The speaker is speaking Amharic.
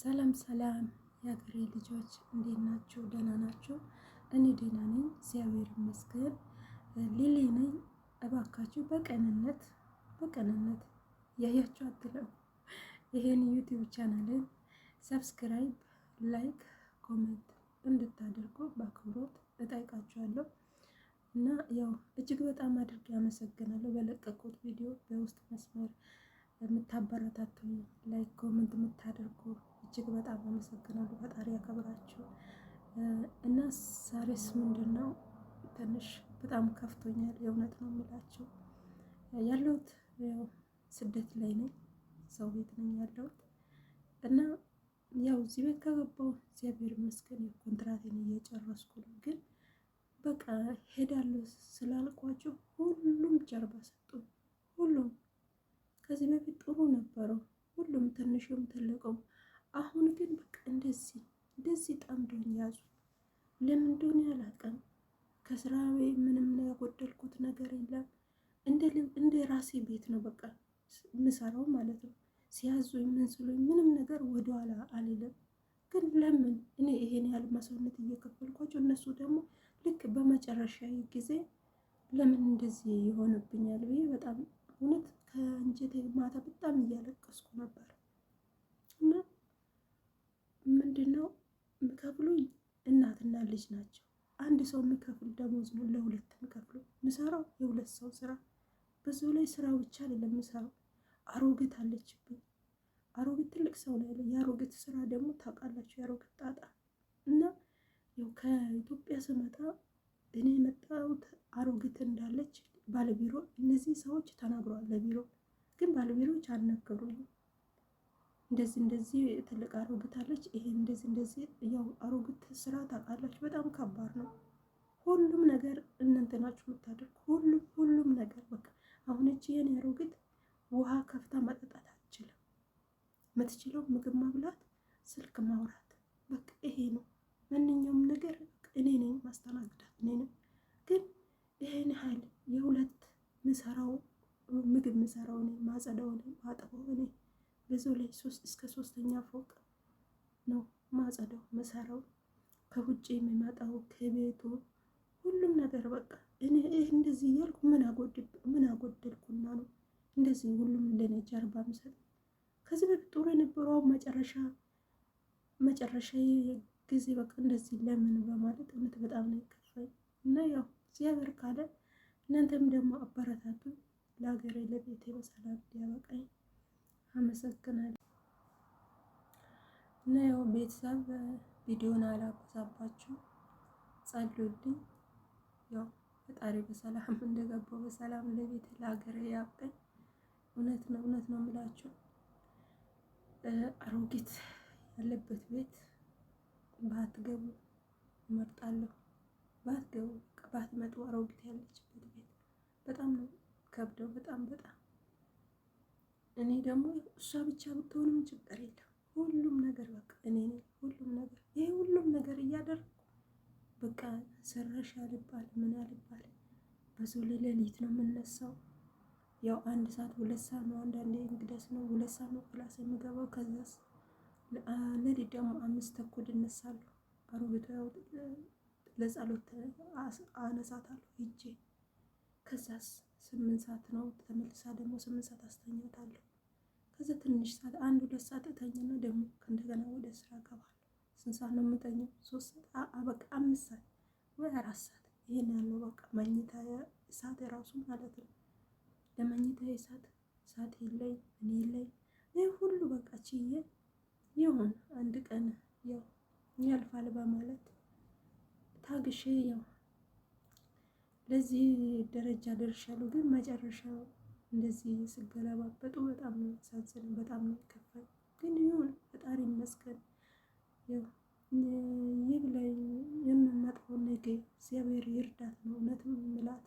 ሰላም ሰላም የሀገሬ ልጆች እንዴት ናችሁ? ደህና ናችሁ? እኔ ደህና ነኝ፣ እግዚአብሔር ይመስገን። ሊሊ ነኝ። እባካችሁ በቀንነት በቀንነት ያያችሁ አትለው ይሄን ዩቲዩብ ቻናልን ሰብስክራይብ፣ ላይክ፣ ኮሜንት እንድታደርጉ በአክብሮት እጠይቃችኋለሁ እና ያው እጅግ በጣም አድርጌ አመሰግናለሁ። በለቀቁት ቪዲዮ በውስጥ መስመር የምታበረታ እና ሳሪስ ምንድን ነው ትንሽ በጣም ከፍቶኛል። የእውነት ነው የምላቸው ያለሁት ስደት ላይ ነኝ፣ ሰው ቤት ነኝ ያለሁት እና ያው እዚህ ቤት ከገባሁ እግዚአብሔር ይመስገን ኮንትራቴን እየጨረስኩ ነው። ግን በቃ ሄዳለሁ ስላልኳቸው ሁሉም ጀርባ ሰጡ። ሁሉም ከዚህ በፊት ጥሩ ነበረው፣ ሁሉም ትንሹም ትልቁም ከስራ ምንም ያጎደልኩት ነገር የለም። እንደ ራሴ ቤት ነው በቃ የምሰራው ማለት ነው። ሲያዙኝ ምን ስሉኝ ምንም ነገር ወደኋላ አልልም። ግን ለምን እኔ ይሄን ያህል መስዋዕትነት እየከፈልኳቸው እነሱ ደግሞ ልክ በመጨረሻ ጊዜ ለምን እንደዚህ ይሆንብኛል ብዬ በጣም እውነት ከእንጀቴ ማታ በጣም እያለቀስኩ ነበር። እና ምንድነው ከብሎኝ እናትና ልጅ ናቸው አንድ ሰው የሚከፍል ደሞዝ ነው ለሁለት የሚከፍሉ ምሰራው የሁለት ሰው ስራ በዚሁ ላይ ስራ ብቻ አይደለም ምሰራው። አሮጊት አለችብኝ። አሮጊት ትልቅ ሰው ነው ያለ። የአሮጊት ስራ ደግሞ ታውቃላችሁ፣ የአሮጊት ጣጣ እና ከኢትዮጵያ ስመጣ እኔ የመጣሁት አሮጊት እንዳለች ባለቢሮ እነዚህ ሰዎች ተናግረዋል። ለቢሮ ግን ባለቢሮች አልነገሩኝም። እንደዚህ እንደዚህ ትልቅ አሮጊት አለች፣ ይሄ እንደዚህ እንደዚህ። ያው አሮጊት ስራ ታውቃላችሁ፣ በጣም ከባድ ነው። ሁሉም ነገር እናንተናችሁ የምታደርግ ሁሉም ሁሉም ነገር በቃ አሁን እቺ የኔ አሮጊት ውሃ ከፍታ መጠጣት አትችልም። የምትችለው ምግብ ማብላት፣ ስልክ ማውራት፣ በቃ ይሄ ነው። ማንኛውም ነገር እኔ ነኝ ማስተናግዳት እኔ ነኝ። ግን ይሄን ያህል የሁለት ምሰራው ምግብ ምሰራው ነኝ፣ ማጸዳው ነኝ፣ ማጠ እዚሁ ላይ እስከ ሶስተኛ ፎቅ ነው ማጸዳው መሰራው ከውጭ የሚመጣው ከቤቱ ሁሉም ነገር በቃ እኔ እንደዚህ እያልኩ ምን አጎደልኩና ነው እንደዚህ ሁሉም እንደኔ ጀርባ ምሰጥ። ከዚህ በፊት ጥሩ የነበረው መጨረሻ መጨረሻ ጊዜ በቃ እንደዚህ ለምን በማለት እውነት በጣም ነው ይከፋኝ። እና ያው እግዚአብሔር ካለ እናንተም ደግሞ አበረታቱ። ለሀገሬ ለቤቴ በሰላም ያበቃኝ። አመሰግናለሁ። እና ያው ቤተሰብ ቪዲዮን አላቆሳባችሁ ጸልዩልኝ። ያው ፈጣሪ በሰላም እንደገባው በሰላም ለቤት ለሀገር ያብቃኝ። እውነት ነው እውነት ነው የምላችሁ አሮጊት ያለበት ቤት ባትገቡ እመርጣለሁ። ባትገቡ ባትመጡ አሮጊት ያለችበት ቤት በጣም ነው ከብደው በጣም በጣም እኔ ደግሞ እሷ ብቻ ብትሆንም ችግር የለም። ሁሉም ነገር በቃ እኔ ነኝ ሁሉም ነገር። ይሄ ሁሉም ነገር እያደረኩ በቃ ሰራሽ ያልባል ምን አልባል በሰው ላይ ነው የምነሳው። ያው አንድ ሰዓት ሁለት ሰዓት ነው አንዳንዴ እንግዳስ ነው ሁለት ሰዓት ነው ክላስ የምገባው። ከዛስ ሌሊት ደግሞ አምስት ተኩል እነሳለሁ። አሮጌቷ ለጸሎት አነሳታለሁ ሂጄ ከዛስ ስምንት ሰዓት ነው። ተመልሳ ደግሞ ስምንት ሰዓት አስተኛታለሁ። ከዚ ትንሽ ሰዓት አንድ ሁለት ሰዓት እተኛና ደግሞ እንደገና ወደ ስራ እገባለሁ። ስንት ሰዓት ነው የምተኛው? ሶስት ሰዓት በቃ አምስት ሰዓት ወይ አራት ሰዓት ይሄን ያለው በቃ መኝታ ሰዓት የራሱ ማለት ነው። ለመኝታ ሰዓት ሰዓት የለኝ እኔ የለኝ ይህ ሁሉ በቃ ችዬ ይሁን አንድ ቀን ያው ያልፋል በማለት ታግሼ ያው ለዚህ ደረጃ ደርሻለሁ፣ ግን መጨረሻው እንደዚህ ስገለባበጡ በጣም ነው ያሳዘነ፣ በጣም ነው የከፋኝ። ግን ይሁን ፈጣሪ ይመስገን። ይህ ላይ የምመጣው ነገ እግዚአብሔር ይርዳት ነው እውነትም ምላት